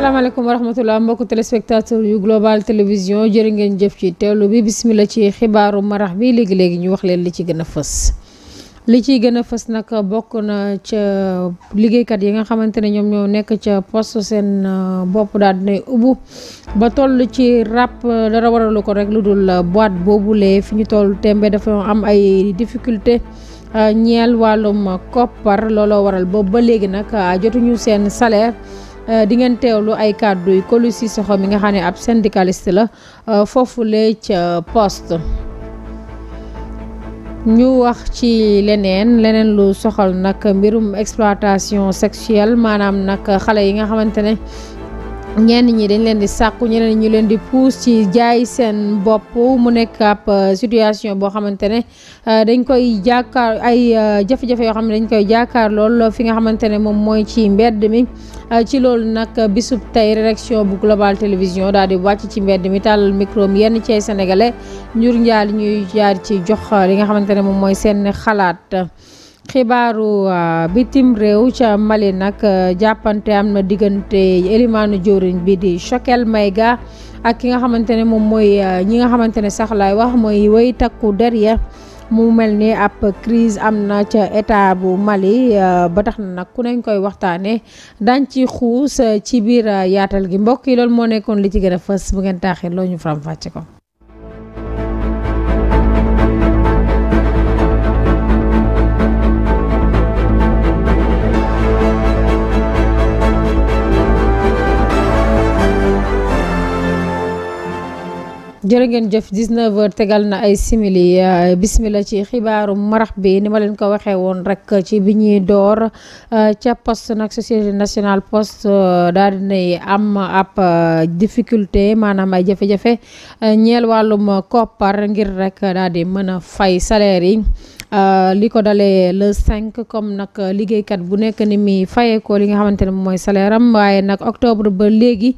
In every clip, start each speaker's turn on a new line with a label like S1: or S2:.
S1: salaamaaleykum wa rahmatulah mbokk téléspectateur yu global télévision jërë jëf ci teewlu bi bismillah ci xibaaru marax bi léegi léegi ñu wax leen li ci gën a fës. li ciy gën a fës nag bokk na ca liggéeykat yi nga xamante ne ñoom ñoo nekk ca poste seen uh, bopp daal dinay ubbu ba toll ci ràpp dara waralu ko rek lu dul uh, boîte boobule fi ñu toll tembe dafa am ay difficulté uh, ñeel wàllum koppar looloo waral boobu ba léegi nag jotuñu seen salaire. Euh, di ngeen teewlu ay kàddu yu Coly Cissokho mi nga xam ne ab syndicaliste la euh, foofu foofule ca poste. ñu wax ci leneen leneen lu soxal nag mbirum exploitation sexuelle maanaam nag xale yi nga xamante ne ñenn ñi dañ leen di sàkku ñeneen ñu leen di puus ci jaay seen bopp mu nekk ab euh, situation boo xamante ne euh, dañ koy jàkkaar ay euh, jafe-jafe yoo xam ne dañ koy jàkkaar lool fi nga xamante ne moom mooy ci mbedd mi ci loolu nag bisub tey rédaction bu Global Télévision daal di wàcc ci mbedd mi tàllal micro yenn ci ay sénégalais njur njaal ñuy jaar ci jox li nga xamante ne moom mooy seen xalaat xibaaru euh, bitim réew ca Mali nag euh, jàppante am na diggante elimaanu jëwriñ bi di Choguel Maïga ak ki nga xamante ne moom mooy euh, ñi nga xamante ne sax laay wax mooy way takku der ya mu mel ni ab crise am na ca état bu Mali ba tax na nag ku nañ koy waxtaane daañ ci xuus ci biir yaatal gi mbokk yi loolu moo nekkoon li ci gën a fës bu ngeen taaxee loo ñu faram fàcce ko jërë ngeen jëf 19h tegal na ay simili euh, bismillah ci xibaaru marax bi ni ma leen ko waxee woon rek ci bi ñuy door euh, ca post nag société nationale poste euh, daal dinay am ab difficulté maanaam ay jafe-jafe ñeel wàllum koppar ngir rek daal di mën a fay salaire yi. Euh, li ko dalee la cinq comme nag liggéeykat bu nekk ni muy fayeekoo li nga xamante ne mooy salaire waaye nag octobre ba léegi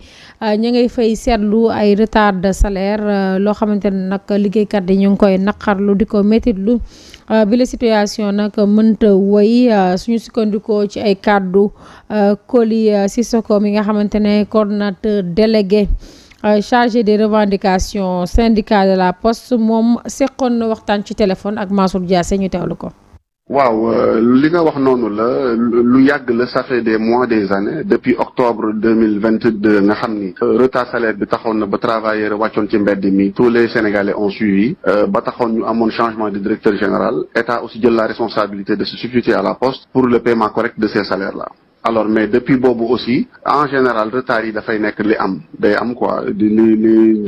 S1: euh, ñu ngay fay seetlu ay retard de salaire euh, loo xamante ne nag liggéeykat di ñu ngi koy naqarlu di ko métitlu bi la situation nag mënta woy suñu sukkandikoo ci ay kàddu si soko mi nga xamante ne coordonnateur délégué Euh, chargé des revendications syndicales de la poste mom seqoon na waxtaan ci téléphone ak Mansour Diassé ñu teewlu
S2: ko. waaw euh, li nga wax nonu la lu ça fait des mois des années depuis octobre 2022, nous avons nga euh, retard salaire bi taxone na ba travailleur ci mbedd mi tous les sénégalais ont suivi ba taxone ñu amone changement de directeur général état aussi jël la responsabilité de se substituer à la poste pour le paiement correct de ces salaires là alors mais depuis boobu aussi en général retard yi dafay nek li am day am quoi di li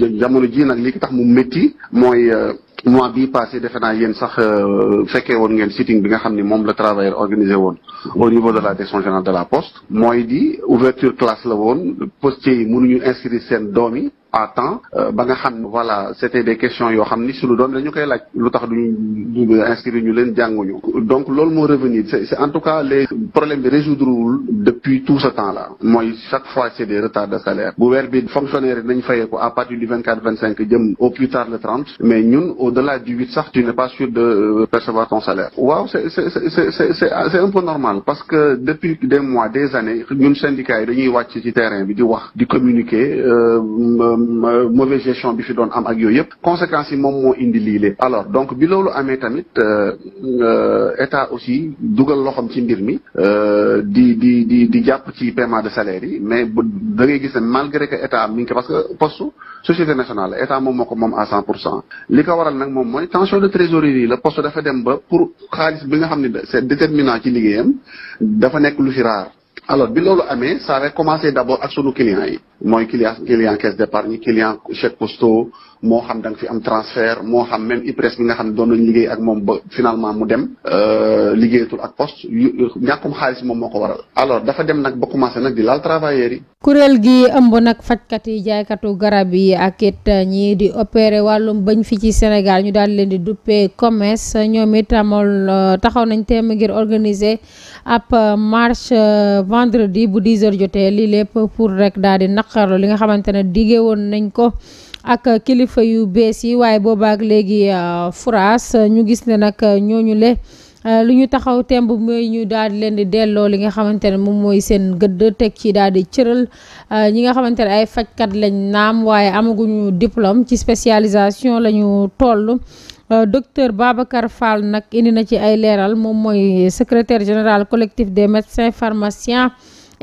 S2: li jamono ji nak li tax mu metti moy euh, mois bi passé defe naa yéen sax euh, fekkee woon ngeen sitting bi nga xamni mom le travailleur organisé won au niveau de la direction générale de la poste moy di ouverture classe la won postier yi mënuñu inscrire seen doom à temps euh, ba nga xam voilà c'était des questions yoo xam ni suñu la dañu koy laaj lu tax duñu inscrire ñu leen jànguñu donc loolu moo revenir c'est en tout cas les problèmes bi résoudre depuis tout ce temps là mooy chaque fois c'est des retards de salaire bu weer bi fonctionnaire yi nañ fayee ko à partir du 24 25 jëm au plus tard le 30 mais ñun au-delà du 8 sax tu n'es pas sûr de euh, percevoir ton salaire waaw c'est c'est c'est c'est c'est un peu normal parce que depuis des mois des années ñun syndicats yi dañuy wàcc ci terrain bi di wax di communiquer euh, euh, mauvaise gestion bi fi doon am ak yooyu yëpp conséquences yi moom moo indi lii lépp alors donc bi loolu amee tamit euh, euh, état aussi dugal loxoom ci mbir mi di di di di jàpp ci paiement de salaire yi mais da ngay gis ne malgré que état mi ngi parce que poste société nationale la état moom moo ko moom à 100% pour cent li ko waral nag moom mooy tension de trésorerie le la poste dafa dem ba pour xaalis bi nga xam ne c'est déterminant ci liggéeyam dafa nekk lu fi rare alors bi loolu amee ça va commencer d'abord ak sunu clients yi mooy client client caisse d'épargne client chèque moo xam da nga fi am transfert moo xam même IPRES bi nga xam doon liggéey ak moom ba finalement mu dem euh, liggéeyatul ak poste ñàkkum xaalis moom moo ko waral dafa dem nag ba commencé nag di laal travailleurs yi.
S1: kuréel gi ëmb nag fajkat yi jaaykatu garab yi ak it ñii di opéré wàllum bañ fi ci Sénégal ñu daal leen di duppee commerce ñoom it euh, taxaw nañ teem ngir organiser ab euh, marche vendredi bu 10 heures jotee lii lépp pour rek daal di naqarlu li nga xamante ne diggé woon nañ ko. ak kilifa yu bees yi waaye boobaak léegi euh, France ñu gis ne nag ñooñu le euh, lu ñu taxaw temb mooy ñu daal di leen di delloo li nga xamante ne moom mooy seen gëdd teg ci daal di cëral euh, ñi nga xamante ne ay fajkat lañ naam waaye amaguñu diplôme ci spécialisation la ñu toll docteur Babacar nag indi na ci ay leeral moom mooy secretaire général collectif des médecins pharmaciens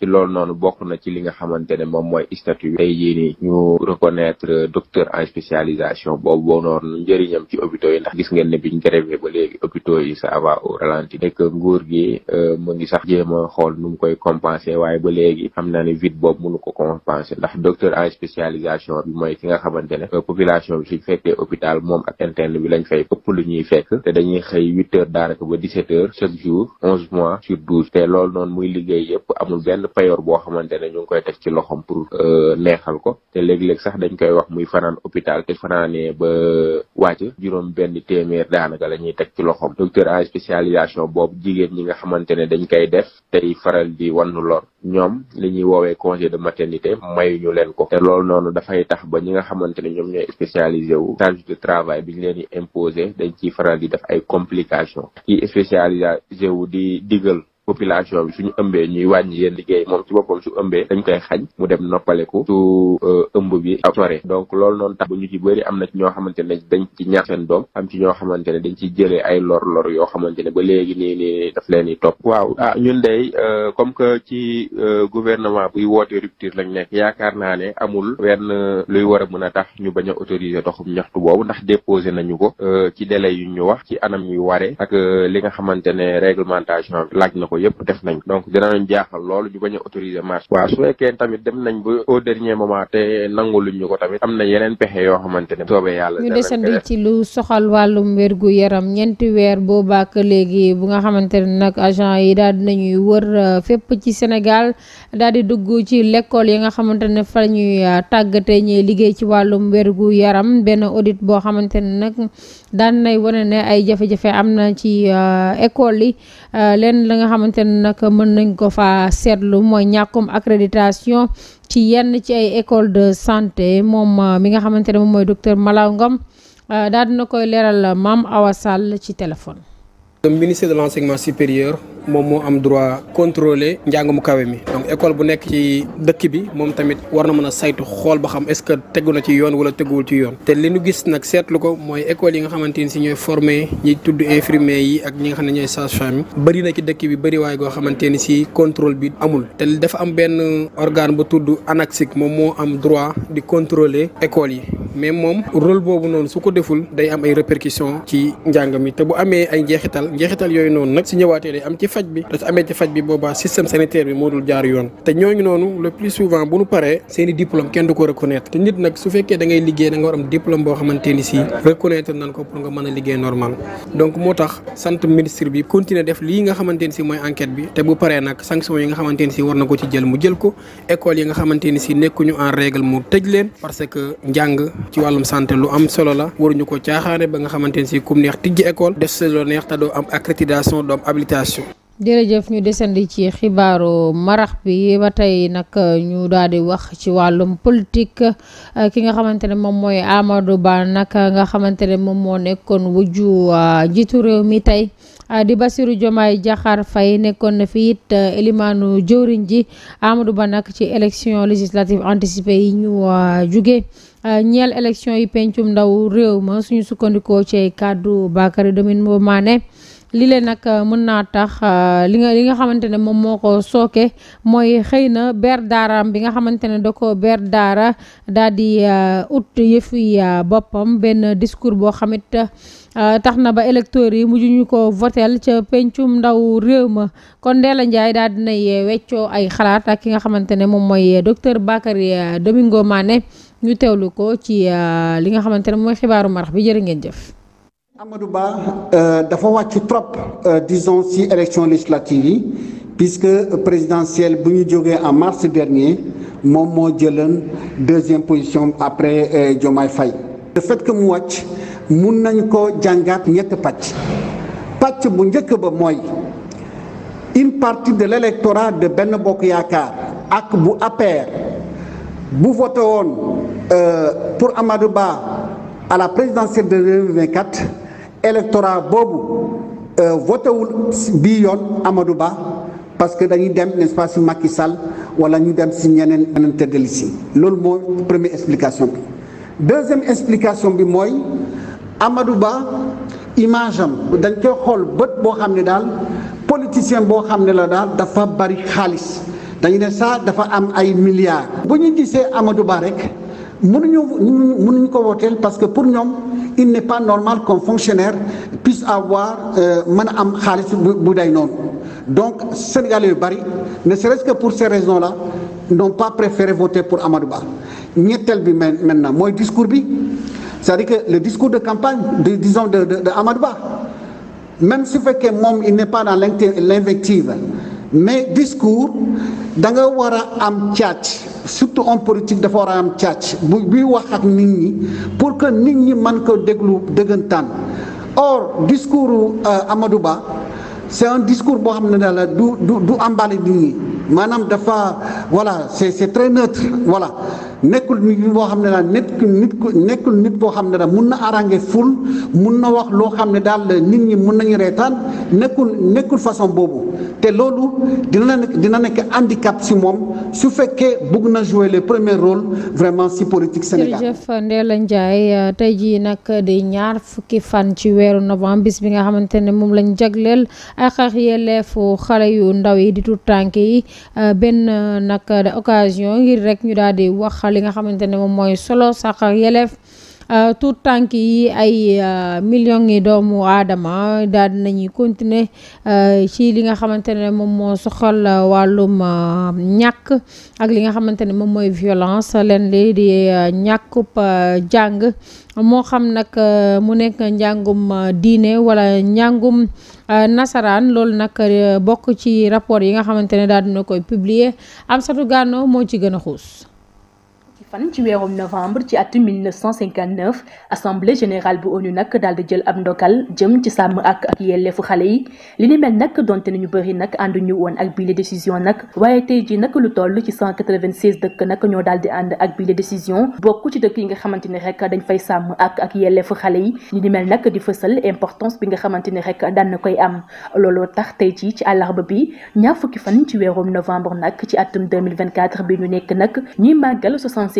S3: ci loolu noonu bokk na ci li nga xamante ne moom mooy statut bi tey jii nii ñu reconnaître docteur en spécialisation boobu boo noonu njëriñam ci hôpitaux yi ndax gis ngeen ne biñ grève ba léegi hôpitaux yi ça va au ralenti nekk nguur gi euh, mu ngi sax jéem a xool nu mu koy compenser waaye ba léegi am naa ne vide boobu mënu ko compenser ndax docteur en spécialisation bi mooy ki nga xamante ne euh, population bi suñ fekkee hôpital moom ak interne bi lañ fay ëpp lu ñuy fekk te dañuy xëy huit heures daanaka ba dix sept heures chaque jour mois sur douze te loolu noonu muy liggéey yëpp amul benn payoor boo xamante ne ñu ngi koy teg ci loxoom pour euh, neexal ko te léeg-léeg sax dañ koy wax muy fanaan hôpital te fanaanee ba wàcc juróom benn téeméer daanaka la ñuy teg ci loxoom docteur en spécialisation boobu jigéen ñi nga xamante ne dañ koy def tey faral di wannu lor ñoom li ñuy woowee congé de maternité mayuñu leen ko te loolu noonu dafay tax ba ñi nga xamante ne ñoom ñooy spécialisé wu charge de travail bi ñu leen di imposé dañ ciy faral di def ay complications ki spécialisé wu di digal population bi suñu ëmbee ñuy wàññi yéen liggéey moom ci boppam su ëmbee dañ koy xañ mu dem noppaleku su euh, ëmb bi sore donc loolu noon tax bu ñu ci bëri am na ci ñoo xamante ne dañ ci ñàkk seen doom am ci ñoo xamante ne dañ ci jëlee ay lor lor yoo xamante ne ba léegi nii nii daf leen di waaw ah ñun day euh, comme que ci euh, gouvernement buy woote rupture lañ nekk yaakaar naa ne amul wenn luy war a mën a tax ñu bañ a autoriser doxum ñaxtu boobu ndax déposé nañu ko ci délai ñu wax ci anam yu ware ak li réglementation laaj na ko yëpp def nañ donc dinañ jaaxal loolu ñu bañ a autoriser marché waaw su fekkee tamit dem nañ ba au dernier moment te nangu luñ ko tamit am na yeneen pexe yoo xamante ne soobee yàlla ñu desandi
S1: lu soxal wàllum wérgu yaram ñeenti weer boobaak léegi bu nga xamante ne nag agent yi daal nañuy wër euh, fépp ci Sénégal daal di dugg ci lekkool yi nga xamante ne fa ñuy euh, tàggate ñuy liggéey ci wàllum wérgu yaram benn audit boo xamante ne nag daan nay wane ne ay jafe-jafe am na ci euh, école yi leen la nga xam xamante nag mën nañ ko fa seetlu mooy ñàkkum accréditation ci yenn ci école de santé moom euh, mi nga xamante ne moom mooy docteur Malaw ngam euh, daal dina koy leeral euh, maam Awa ci téléphone
S4: le ministère de l'enseignement supérieur moom moo am droit contrôler njàng mu kawe donc école bu nekk ci dëkk bi moom tamit war na mën a saytu xool ba xam est-ce que tegu na ci yoon wala teguwul ci yoon. te li nu gis nag seetlu ko mooy école yi nga xamante ni si ñooy formé ñi tudd infirmier yi ak ñi nga xam ne sage-femme yi na ci dëkk bi bëri waaye goo xamante ni contrôle bi amul. te dafa am benn organe bu tudd ANAQ-SIC moom moo am droit di contrôler école yi. mais moom rôle boobu noonu su ko deful day am ay répercussions ci njàng mi te bu amee ay njeexital njeexital yoy non nak su ñëwaatee day am ci faj bi da amé ci faj bi boba système sanitaire bi modul jaar yoon te ngi nonu le plus souvent bu ñu paré seeni diplôme kenn du ko reconnaître té nit nak su fekkee da ngay liggéey da nga am diplôme bo xamanteni si reconnaître nan ko pour nga mëna liggéey normal donc motax sante ministre bi continuer def li nga xamanteni ni si mooy enquête bi té bu paré nak sanction yi nga xamanteni ni si war na ko ci jël mu jël ko école yi nga xamanteni ni si ñu en règle mu tej leen parce que njang ci walum santé lu am solo la ñu ko caaxaane ba nga xamanteni ni si kum neex tijji école def sa neex ta do am accréditation du am habilitation.
S1: jërëjëf ñu desandi ci xibaaru marax bi ba tey nag ñu daal di wax ci wàllum politique ki nga xamante ne moom mooy Amadou Ba nag nga xamante ne moom moo nekkoon wujju jiitu réew mi tey di Bassirou Diomaye jaxaar fay nekkoon na fi it elimaanu jëwriñ ji Amadou Ba nag ci élection législative anticipée yi ñu jugee. ñeel élection yi pencum ndaw réew ma suñu sukkandikoo ci kàddu Bakary Domine Mané li leen nag euh, mën naa tax euh, li nga li nga xamante ne moom moo ko sooke mooy xëy na ber daaraam bi nga xamante ne da ko ber daara daal di euh, ut yëfi boppam benn discours boo xamit tax na ba électeurs yi mujj ko votel ca pencum ndaw réew ma kon Ndella Ndiaye daal dinay weccoo ay xalaat ak ki nga xamante ne moom mooy docteur Bakary Domingo Mané ñu teewlu ko ci li nga xamante ne mooy xibaaru marax bi jërë ngeen jëf
S5: Amadou Ba euh, dafa wàcc trop euh, disons si élection législative puisque présidentielle a en mars dernier mon deuxième position après euh, Diomaye Faye le fait que mu nañ ko une partie de l'électorat de Benno pour Amadou à la présidentielle de 2024 électorat voté euh, votewul bi yoon Amadou Ba parce que dañuy dem n'est-ce pas si Macky Sall wala ñu dem si ñeneen ñeneen tête de loolu mooy première explication bi deuxième explication bi mooy Amadou Ba image am dañ koy xool bët boo xam ne daal politicien boo xam ne la daal dafa bari xaalis dañu ne saa dafa am ay milliards bu ñu gisee Amadou Ba rek mënuñu mënuñu ko wooteel parce que pour ñoom il n'est pas normal qu'un fonctionnaire puisse avoir un euh, am donc Sénégalais ne serait-ce que pour ces raisons-là n'ont pas préféré voter pour Amadou Ba maintenant moi discours c'est-à-dire que le discours de campagne de disons de de, Amadou Ba même fait que il n'est pas dans l'invective mais discours da nga war a am càcc surtout en politique dafa war a am càcc bu buy wax ak nit ñi pour que nit ñi man ko déglu dëggantaan or discours euh, Amadou Ba c'est un discours boo xam ne la du du du emballé nit ñi maanaam dafa voilà c' c'est très neutre voilà nekkul nit boo xam ne daal nekk nit ku boo xam ne daal mun na arrangé ful mun na wax loo xam ne daal nit ñi mun nañu reetaan nekkul nekkul façon boobu te loolu dina nekk dina nekk handicap si moom su fekkee bugg na jouer le premier rôle vraiment si politique Sénégal. jërëjëf
S1: Ndella Ndiaye tey jii nag di ñaar fukki fan ci weeru novembre bis bi nga xamante ne moom lañ jagleel ak ak yelleefu xale yu ndaw yi di tuut tànk yi benn nag occasion ngir rek ñu daal wax. li nga xamante ne moom mooy solo sax yelef euh, tout tànk yi ay euh, million yi doomu aadama daal nañuy continuer euh, ci li nga xamante ne moom moo soxal wàllum ñàkk ak li nga xamante ne moom mooy violence leen li di ñàkkub jàng moo xam nag mu nekk njàngum diine wala njàngum nasaraan loolu nag bokk ci rapport yi nga xamante ne daal dina koy publier Amsatou Gano moo ci gën a xuus
S6: fan ci weerum novembre ci at 1959 assemblée générale bu ONU nak dal de jël ab ndokal jëm ci sam ak ak yelleefu xalé yi li ni mel nag ñu nañu nak andu ñu won ak bile décision nak waaye tey ji nag lu toll ci 196 dëkk nak ño daal di ànd ak bile décision bokku ci dekk yi nga xamanteni rek dañ fay sam ak ak yelleefu xalé yi li ni mel nak di fësal importance bi nga xamanteni rek daan na koy am looloo tax tey ji ci alarba bi ñaar fukki fan ci weerum novembre nak ci atum 2024 bi ñu nekk nak ñi màggal 66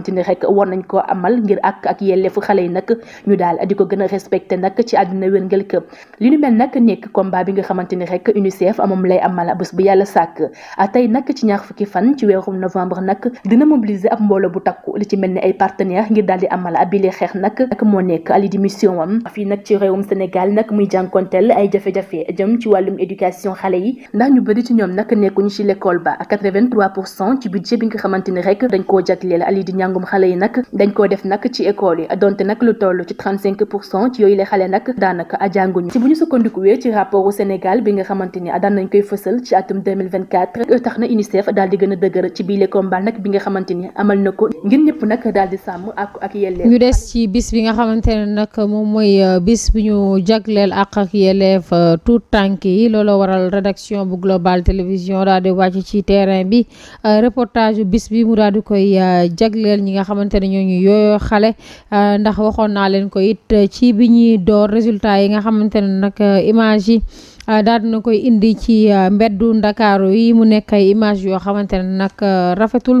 S6: xamante rek war nañ ko amal ngir ak ak yellefu xalé nak ñu dal diko gëna gën a respecté nag ci aduna wérngal ke li ñu mel nak nekk combat bi nga xamanteni rek UNICEF amum lay amal bés bu yàlla sàkk tey nak ci ñaar fukki fan ci weerum novembre nak dina mobiliser ab mbolo bu takku li ci melni ay partenaires ngir daal di amal abile xex nak ak mo nekk ali di mission am fi nak ci réewum Sénégal nak muy jànkonteel ay jafé jafé jëm ci walum éducation xalé yi ndax ñu bëri ci ñoom nag nekkuñu ci l'école ba 83 ci budget bi nga xamanteni rek dañ ko jagleel ali di ñàng njàngum xale yi nag dañ koo def nag ci école yi donte nag lu toll ci yooyu la xale nag daanaka a jànguñu si bu ñu sukkandikuwee ci rapportu Sénégal bi nga xamante ni euh, a amal na ko ngir ñëpp nag daal sàmm ak yelleef ñu
S1: des ci bis bi nga xamante ne moom mooy euh, bis bi ñu jagleel ak ak yelleef euh, tout tànk yi looloo waral rédaction bu Global Télévision daal di wàcc ci terrain bi reportage bis bi mu daal di koy jagleel xel ñi nga xamante ne ñoo ñu yooyoo xale euh, ndax waxoon naa leen ko it euh, ci bi ñuy door résultat yi nga xamante ne nag euh, image yi daal dina koy indi ci mbeddu ndakaaru yi mu nekk ay image yoo xamante ne nag rafetul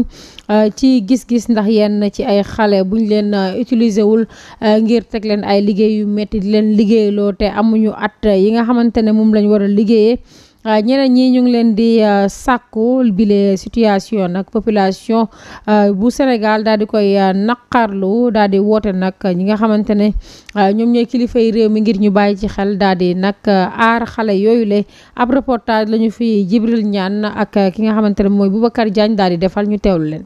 S1: ci gis-gis ndax yenn ci ay xale buñ leen utiliser wul ngir teg leen ay liggéey yu métti di leen liggéeyloo te amuñu at yi nga xamante ne moom lañ war a liggéeyee Euh, ñeneen ñi ñu ngi leen di euh, sàkku bile situation nag population euh, bu senegal daal di koy naqarlu daal di woote nag ñi nga xamante ne ñoom ñooy kilifay réew mi ngir ñu bàyyi ci xel daal di nag aar xale yooyu le ab reportage la ñu fi Jibril Ñaan ak ki nga xamante ne mooy Boubacar jaañ daal di defal ñu teewlu leen.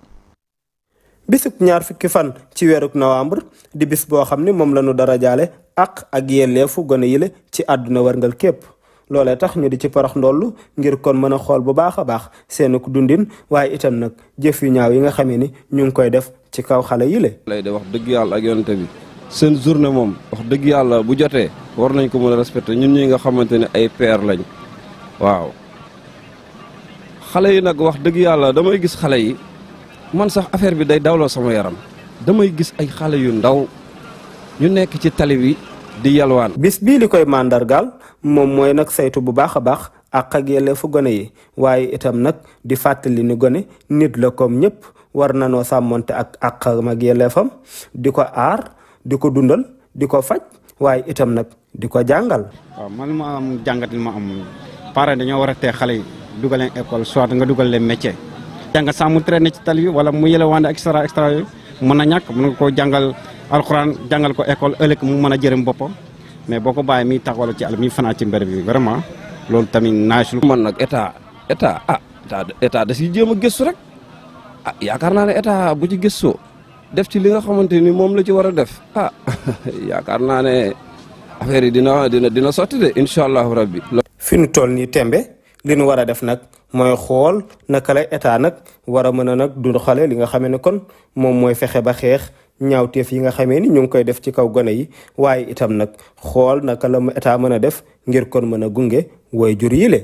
S7: bisub ñaar fukki fan ci weeruk novembre di bis boo xam ni moom lañu ñu dara jaale ak ak yelleefu gone yile ci àdduna wërngal képp. loolee tax ñu di ci parax ndoll ngir kon mën a xool bu baax a baax seen dundin waaye itam nag jëf yu ñaaw yi nga xamee ni ñu ngi koy def ci kaw xale yi lay de wax dëgg yàlla ak yonte bi seen journée moom wax dëgg yàlla bu jotee war nañ ko mën a respecté ñun ñi nga xamante ne ay père lañ waaw xale yi nag wax dëgg yàlla damay gis xale yi man sax affaire bi day dawloo sama yaram damay gis ay xale yu ndaw ñu nekk ci tali bi di yalwaan bis bii li koy màndargaal mom moy nak saytu bu baakha a baax àq ak gone yi waye itam nak di fatali ni gone nit la kom ñep war nanoo samonté ak ak mag di ko diko di ko dundal di ko waye itam nak di ko man ma am jàngat li ma am parents dañu wara té xalé école soit nga dugal le métier. jang samu traîner ci tali wala mu yelwaande extra extra mëna ñak mëna ko jangal alcorane jangal ko école elek mu mëna jërëm bopam mais boo ko bàyyi miy taxawal ci àll mi fanaan ci mbir bi vraiment loolu tamit naaj lu man nag état état ah état da si jéem a gëstu rek ah yaakaar naa ne état bu ci gëstoo def ci li nga xamante ni moom la ci war a def ah yaakaar naa ne affaire yi dina dina dina sotti de incha allahu rabbi. fi nu toll nii tembe li nu war a def nag mooy xool naka lay état nag war a mën a nag du xale li nga xam ne kon moom mooy fexe ba xeex. ñaawteef yi nga xamee ni ñu ngi koy def ci kaw gone yi waaye itam nag xool naka la état mën a def ngir kon mën a gunge way jur yi le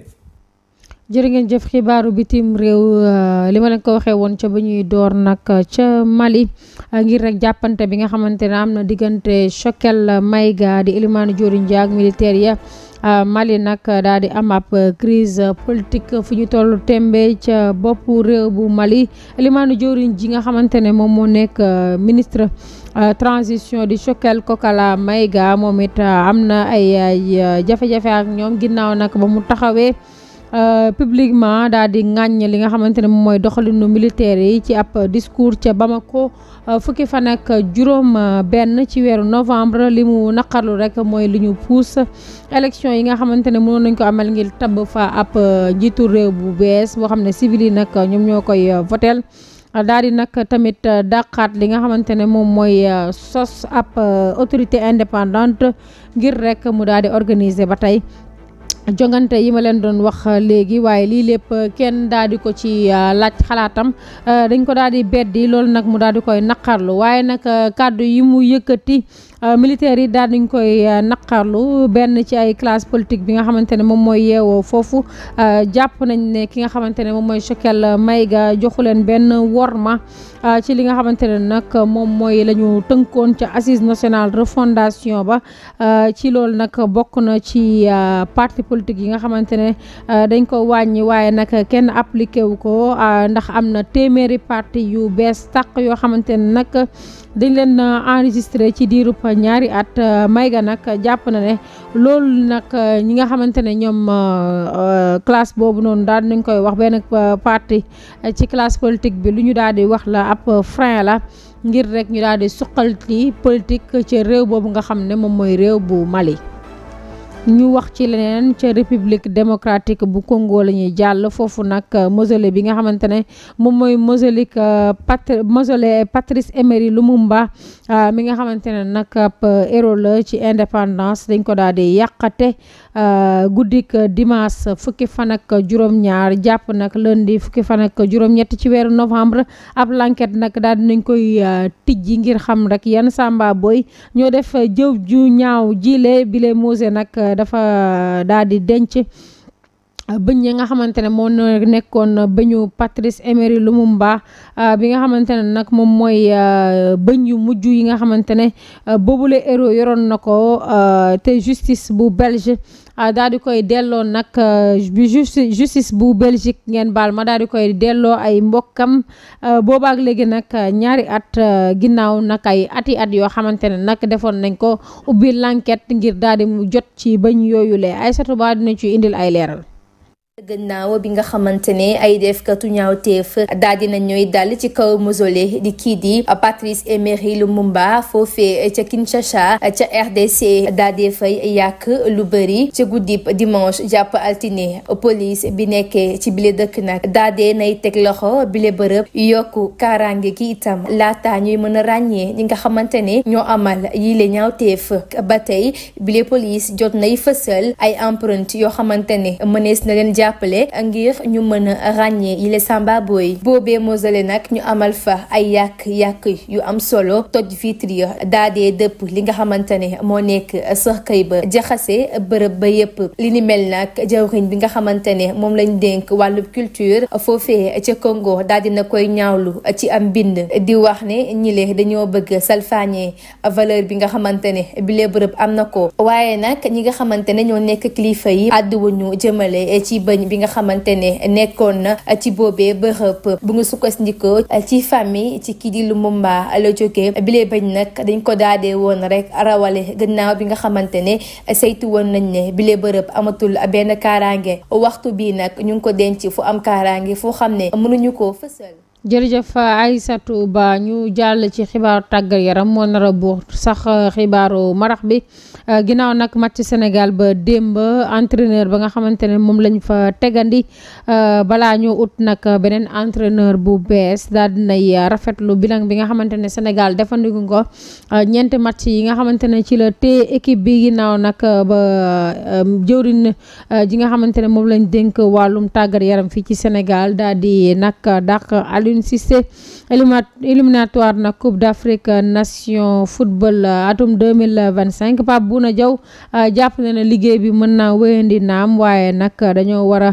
S1: jërë ngeen jëf xibaaru bitim réew euh, li ma leen ko waxee woon ca ba ñuy door nag euh, ca Mali euh, ngir rek jàppante bi nga xamante ne am na diggante Choguel Maïga di Elimane Diori Ndiaye ak militaire ya Euh, Mali nag daal di am ab euh, crise politique fu ñu toll tembe ca bopp réew bu Mali limaanu jëwriñ ji nga xamante ne moom moo nekk euh, ministre transition di Choguel Kokala Maïga moom it am na ay jafe-jafe ak ñoom ginnaaw nag ba mu taxawee Euh, publiquement daal di ŋàññ li nga xamante ne moom mooy doxalinu militaire yi ci ab discours ca Bamako euh, fukki fan nag juróom euh, benn ci weeru novembre li mu naqarlu rek mooy li ñu puus élection yi nga xamante ne mënoon nañ ko amal ngir tabb fa ab njiitu réew bu bees boo xam ne civil nag ñoom ñoo koy votel daal di nag tamit dàqaat li nga xamante ne moom mooy sos ab autorité indépendante ngir rek mu daal di organiser ba tey jongante yi ma leen doon wax euh, léegi waaye lii lépp euh, kenn daal di ko ci euh, laaj xalaatam dañ ko daal di beddi loolu nag mu daal di koy naqarlu waaye nag kàddu yi mu yëkkati Euh, militaires yi daal nañ koy euh, naqarlu benn ci ay classe politique bi nga xamante ne moom mooy yeewoo foofu euh, jàpp nañ ne ki nga xamante ne moom mooy Choguel Maïga joxu leen benn worma ci li nga xamante ne nag moom mooy la ñu tënkoon ca assise nationale refondation ba ci loolu nag bokk na ci parti politique yi nga xamante ne dañ ko wàññi waaye nag kenn appliqué wu ko ndax am na téeméeri partie yu bees tàq yoo xamante ne nag dañ leen euh, enregistré ci diirub ñaari at euh, mayga nag jàpp na ne loolu nag euh, ñi nga xamante ne ñoom classe boobu noonu daal nañ koy wax benn parti ci classe politique bi lu ñu daal di wax la ab frein la ngir rek ñu daal di suqal ci politique ci réew boobu nga xam ne moom mooy réew bu Mali. ñu wax ci leneen ca république démocratique bu Congo la ñuy jàll foofu nag euh, mausolée bi nga xamante ne moom mooy euh, mausolée patri lu mu mbaa Lumumba euh, mi nga xamante ne nag ab ci indépendance dañ ko daal di yàqate guddi euh, guddik euh, dimanche fukki fan ak juróom-ñaar jàpp nag lundi fukki fan ak juróom-ñett ci weeru novembre ab l'enquête nag daal nañ koy euh, tijji ngir xam rek yenn Samba booy ñoo def jëw ju ñaaw jile bile Mose nag dafa daal di denc. bëñ yi nga xamante ne moo nekkoon bëñu Patrice Emery Lumumba euh, bi nga xamante ne nag moom mooy euh, bëñ yu mujj yi nga xamante ne euh, boobule héros yoroon na ko te justice bu Belge daal di koy delloo nag bi justice bu Belgique ngeen baal ma daal di koy delloo ay mbokkam boobaak léegi nag ñaari at ginnaaw nag ay ati at yoo xamante ne nag defoon nañ ko ubbi l'enquête ngir daal di mu jot ci bëñ yooyu lee Aïssatou Ba dina ci indil ay leeral
S8: gannaaw bi nga xamante ne ay defkatu ñaawteef daal dina ñooy dal ci kaw mausolée di kii di Patrice Emery Lumumba foofee ca Kinshasa ca RDC daal di fay yàq lu bëri ca guddib dimanche jàpp altine police bi nekkee ci bile dëkk nag daal di nay teg loxo bile bërëb yokk kaaraange gi itam laata ñuy mën a ràññee ñi nga xamante ne ñoo amal yile ñaawteef ba tey bile police jot nay fësal ay empreinte yoo xamante mënees na leen jàppale ngir ñu mën a ràññee yile samba booy boobee mosole nag ñu amal fa ay yàq-yàq yu am solo toj vitre ya daadee dëpp li nga xamante ne moo nekk sax kay ba jaxase bërëb ba yépp li ni mel nag jawriñ bi nga xamante ne moom lañ dénk wàllu culture foofee ca Congo daal dina koy ñaawlu ci am bind di wax ne ñile dañoo bëgg salfaañee valeur bi nga xamante ne bile bërëb am na ko waaye nag ñi nga xamante ñoo nekk kilifa yi àdduwuñu jëmale ci bëñ bi nga xamante ne nekkoon na ci boobee bërëb bu nga sukkandikoo ci famille ci kii di Lumumba la jógee bile bëñ nag dañ ko daadee woon rek rawale gannaaw bi nga xamante ne saytu woon nañ ne bile bërëb amatul benn kaaraange waxtu bii nag ñu ngi ko denc fu am kaaraange foo xam ne mënuñu ko fësal.
S1: jërëjëf Aïssatou Ba ñu jàll ci xibaaru tàggat yaram moo nar a sax xibaaru marax bi euh, ginnaaw nag match Sénégal ba démb entraîneur ba nga xamante ne moom lañ fa tegandi euh, balaa ñu ut nag beneen entraîneur bu bees daal dinay rafetlu bilan bi nga xamante ne Sénégal defandiku ko euh, ñeenti match yi nga xamante ne ci la téye équipe bi ginnaaw nag ba jëwriñ ji nga xamante ne moom lañ dénk wàllum tàggat yaram fii ci Sénégal daal di dàq Aliou Cissé éliminatoire na Coupe d'Afrique Nation football euh, atum 2025 bu Bouna jaw euh, jàpp na ne liggéey bi mën naa wéyandi naam waaye nag dañoo war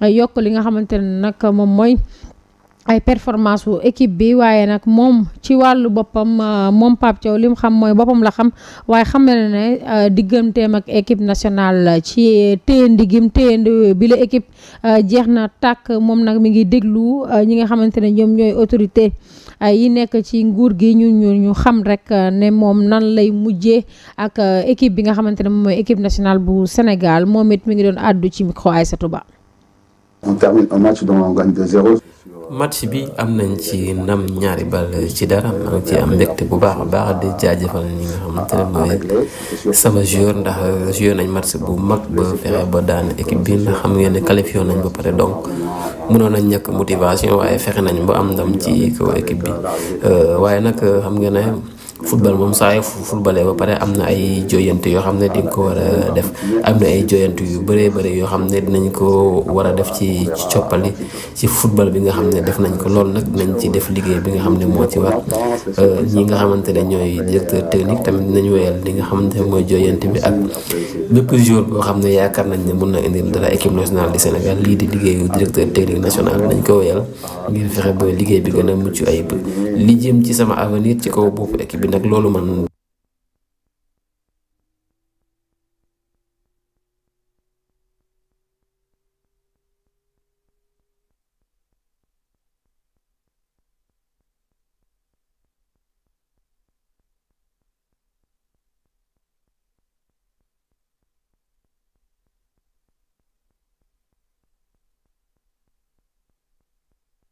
S1: a yokk li nga xamante ne nag moom mooy ay performance wu équipe bi waaye nag moom ci wàllu boppam euh, moom Pape Thiaw li mu xam mooy boppam la xam waaye xam na ne euh, digganteem ak équipe nationale ci euh, téyendi gim téyendi bi la équipe jeex na tàkk moom nag mi ngi déglu ñi nga xamante ne ñoom ñooy autorité yi nekk ci nguur gi ñu ñu ñu xam rek ne moom nan lay mujjee ak équipe bi nga xamante ne moom mooy équipe nationale bu Sénégal moom it mi ngi doon àddu ci micro Aïssatou Ba.
S3: On match bi am
S4: nañ ci ndam ñaari bal ci dara maa ngi ci am mbégte bu baax a baax di jaajëfal ñi nga xamante ne mooy sama joueur ndax joué nañ match bu mag ba fexe ba daan équipe bi ndax xam ngeen ne qualifié nañ ba pare donc mënoon nañ ñàkk motivation waaye fexe nañ ba am ndam ci kaw équipe bi euh, waaye nag xam ngeen ne. football moom saa yoo footballee ba pare am na ay joyante xam ne di nga ko war def am na ay joyante yu bëree bëri yoo xam ne ñu ko war a def ci coppali ci football bi nga xam ne def nañ ko loolu nag dinañ ci def liggéey bi nga xam ne moo ci war euh, ñi nga xamante ne ñooy directeur technique tamit dinañ wéyal li nga xamante ne mooy joyante bi ak bépp jour boo xam ne yaakaar nañ ne mun na indil dara équipe nationale du Sénégal lii di liggéeyu directeur technique national dinañ ko wéyal ngir fexe ba liggéey bi gën a mucc ay li ci sama avenir ci kaw bopp équipe bi rek loolu man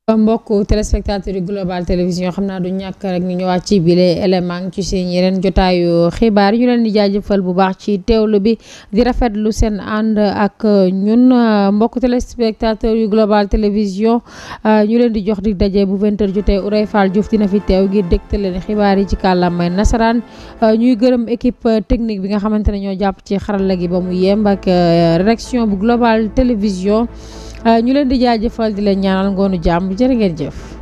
S1: mbokk téléspectateur yi global télévision xam naa du ñàkk rek ñu ñëwaat ci bile élément ci seen yeneen jotaayu xibaar yi ñu leen di jaajëfal bu baax ci teewlu bi di rafet lu seen ànd ak ñun mbokk téléspectateur yu global télévision ñu leen di jox di daje bu 20h jotee Ourey Fall Diouf dina fi teew ngir dégtal leen xibaar yi ci kàllaamay nasaraan ñuy gërëm équipe technique bi nga xamante ne ñoo jàpp ci xarala gi ba mu yem ak euh, rédaction bu global télévision. Euh, ñu leen di jaajëfal di leen ñaanal ngoonu jàmm jërë ngeen jëf.